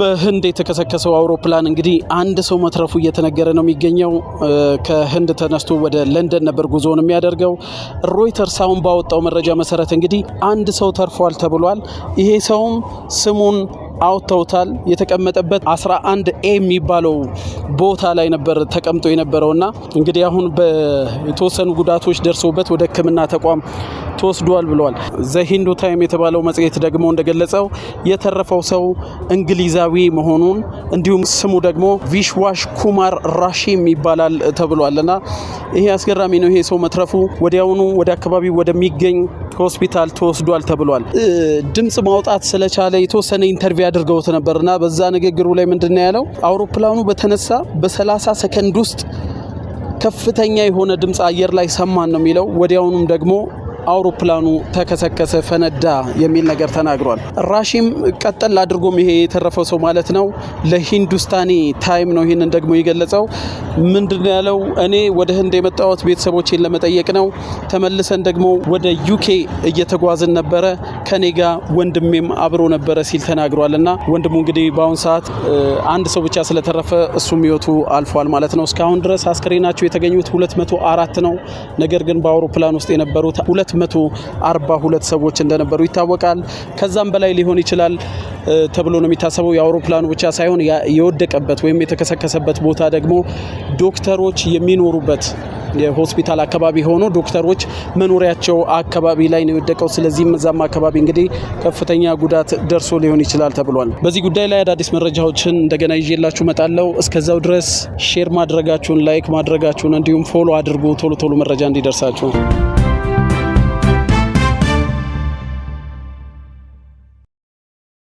በህንድ የተከሰከሰው አውሮፕላን እንግዲህ አንድ ሰው መትረፉ እየተነገረ ነው የሚገኘው። ከህንድ ተነስቶ ወደ ለንደን ነበር ጉዞውን የሚያደርገው። ሮይተርስ አሁን ባወጣው መረጃ መሰረት እንግዲህ አንድ ሰው ተርፏል ተብሏል። ይሄ ሰውም ስሙን አውጥተውታል። የተቀመጠበት 11 ኤ የሚባለው ቦታ ላይ ነበር ተቀምጦ የነበረውና እንግዲህ አሁን በተወሰኑ ጉዳቶች ደርሶበት ወደ ሕክምና ተቋም ተወስዷል ብለዋል። ሂንዱ ታይም የተባለው መጽሔት ደግሞ እንደገለጸው የተረፈው ሰው እንግሊዛዊ መሆኑን እንዲሁም ስሙ ደግሞ ቪሽዋሽ ኩማር ራሺም ይባላል ተብሏልና ይሄ አስገራሚ ነው። ይሄ ሰው መትረፉ ወዲያውኑ ወደ አካባቢው ወደሚገኝ ሆስፒታል ተወስዷል ተብሏል። ድምፅ ማውጣት ስለቻለ የተወሰነ ኢንተርቪው አድርገውት ነበር እና በዛ ንግግሩ ላይ ምንድን ያለው? አውሮፕላኑ በተነሳ በ30 ሰከንድ ውስጥ ከፍተኛ የሆነ ድምፅ አየር ላይ ሰማን ነው የሚለው። ወዲያውኑም ደግሞ አውሮፕላኑ ተከሰከሰ፣ ፈነዳ የሚል ነገር ተናግሯል። ራሺም ቀጠል አድርጎም ይሄ የተረፈው ሰው ማለት ነው ለሂንዱስታኒ ታይም ነው ይህንን ደግሞ የገለጸው። ምንድን ያለው? እኔ ወደ ህንድ የመጣሁት ቤተሰቦቼን ለመጠየቅ ነው። ተመልሰን ደግሞ ወደ ዩኬ እየተጓዝን ነበረ፣ ከኔ ጋር ወንድሜም አብሮ ነበረ ሲል ተናግሯል። እና ወንድሙ እንግዲህ በአሁኑ ሰዓት አንድ ሰው ብቻ ስለተረፈ እሱም ህይወቱ አልፏል ማለት ነው። እስካሁን ድረስ አስከሬናቸው የተገኙት 204 ነው። ነገር ግን በአውሮፕላን ውስጥ የነበሩት 242 ሰዎች እንደነበሩ ይታወቃል። ከዛም በላይ ሊሆን ይችላል ተብሎ ነው የሚታሰበው። የአውሮፕላኑ ብቻ ሳይሆን የወደቀበት ወይም የተከሰከሰበት ቦታ ደግሞ ዶክተሮች የሚኖሩበት የሆስፒታል አካባቢ ሆኖ ዶክተሮች መኖሪያቸው አካባቢ ላይ ነው የወደቀው። ስለዚህም እዛም አካባቢ እንግዲህ ከፍተኛ ጉዳት ደርሶ ሊሆን ይችላል ተብሏል። በዚህ ጉዳይ ላይ አዳዲስ መረጃዎችን እንደገና ይዤላችሁ መጣለው። እስከዛው ድረስ ሼር ማድረጋችሁን፣ ላይክ ማድረጋችሁን እንዲሁም ፎሎ አድርጉ ቶሎ ቶሎ መረጃ እንዲደርሳችሁ